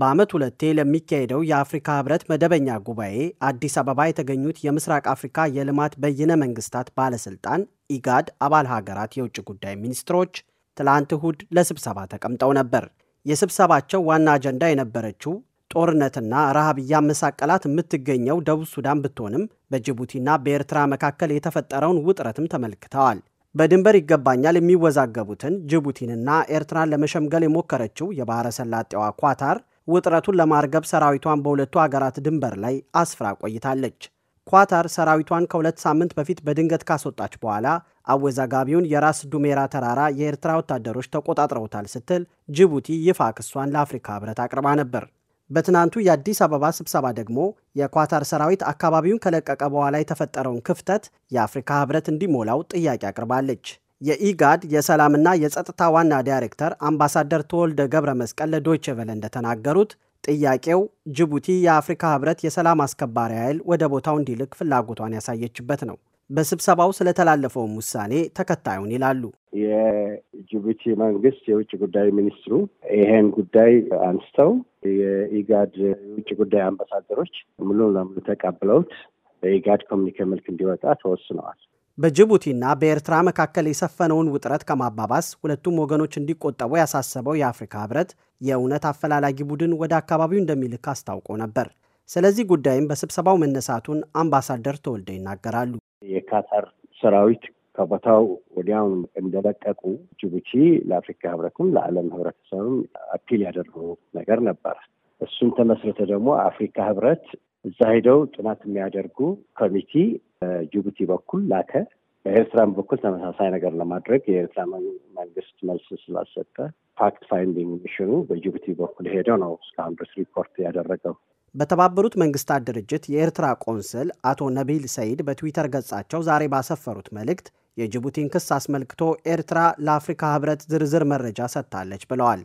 በዓመት ሁለቴ ለሚካሄደው የአፍሪካ ህብረት መደበኛ ጉባኤ አዲስ አበባ የተገኙት የምስራቅ አፍሪካ የልማት በይነ መንግስታት ባለስልጣን ኢጋድ አባል ሀገራት የውጭ ጉዳይ ሚኒስትሮች ትላንት እሁድ ለስብሰባ ተቀምጠው ነበር። የስብሰባቸው ዋና አጀንዳ የነበረችው ጦርነትና ረሃብ እያመሳቀላት የምትገኘው ደቡብ ሱዳን ብትሆንም በጅቡቲና በኤርትራ መካከል የተፈጠረውን ውጥረትም ተመልክተዋል። በድንበር ይገባኛል የሚወዛገቡትን ጅቡቲንና ኤርትራን ለመሸምገል የሞከረችው የባሕረ ሰላጤዋ ኳታር ውጥረቱን ለማርገብ ሰራዊቷን በሁለቱ አገራት ድንበር ላይ አስፍራ ቆይታለች። ኳታር ሰራዊቷን ከሁለት ሳምንት በፊት በድንገት ካስወጣች በኋላ አወዛጋቢውን የራስ ዱሜራ ተራራ የኤርትራ ወታደሮች ተቆጣጥረውታል ስትል ጅቡቲ ይፋ ክሷን ለአፍሪካ ህብረት አቅርባ ነበር። በትናንቱ የአዲስ አበባ ስብሰባ ደግሞ የኳታር ሰራዊት አካባቢውን ከለቀቀ በኋላ የተፈጠረውን ክፍተት የአፍሪካ ህብረት እንዲሞላው ጥያቄ አቅርባለች። የኢጋድ የሰላምና የጸጥታ ዋና ዳይሬክተር አምባሳደር ተወልደ ገብረ መስቀል ለዶይቼ ቬለ እንደተናገሩት ጥያቄው ጅቡቲ የአፍሪካ ህብረት የሰላም አስከባሪ ኃይል ወደ ቦታው እንዲልክ ፍላጎቷን ያሳየችበት ነው። በስብሰባው ስለተላለፈውም ውሳኔ ተከታዩን ይላሉ። የጅቡቲ መንግስት የውጭ ጉዳይ ሚኒስትሩ ይሄን ጉዳይ አንስተው የኢጋድ የውጭ ጉዳይ አምባሳደሮች ሙሉ ለሙሉ ተቀብለውት በኢጋድ ኮሚኒኬ መልክ እንዲወጣ ተወስነዋል። በጅቡቲና በኤርትራ መካከል የሰፈነውን ውጥረት ከማባባስ ሁለቱም ወገኖች እንዲቆጠቡ ያሳሰበው የአፍሪካ ህብረት የእውነት አፈላላጊ ቡድን ወደ አካባቢው እንደሚልክ አስታውቆ ነበር። ስለዚህ ጉዳይም በስብሰባው መነሳቱን አምባሳደር ተወልደ ይናገራሉ። የካታር ሰራዊት ከቦታው ወዲያውኑ እንደለቀቁ ጅቡቲ ለአፍሪካ ህብረትም ለዓለም ህብረተሰብም አፒል ያደረጉ ነገር ነበር። እሱን ተመስርተ ደግሞ አፍሪካ ህብረት እዛ ሄደው ጥናት የሚያደርጉ ኮሚቲ ጅቡቲ በኩል ላከ። በኤርትራም በኩል ተመሳሳይ ነገር ለማድረግ የኤርትራ መንግስት መልስ ስላልሰጠ ፋክት ፋይንዲንግ ሚሽኑ በጅቡቲ በኩል ሄደው ነው እስካሁን ድረስ ሪፖርት ያደረገው። በተባበሩት መንግስታት ድርጅት የኤርትራ ቆንስል አቶ ነቢል ሰይድ በትዊተር ገጻቸው ዛሬ ባሰፈሩት መልእክት የጅቡቲን ክስ አስመልክቶ ኤርትራ ለአፍሪካ ህብረት ዝርዝር መረጃ ሰጥታለች ብለዋል።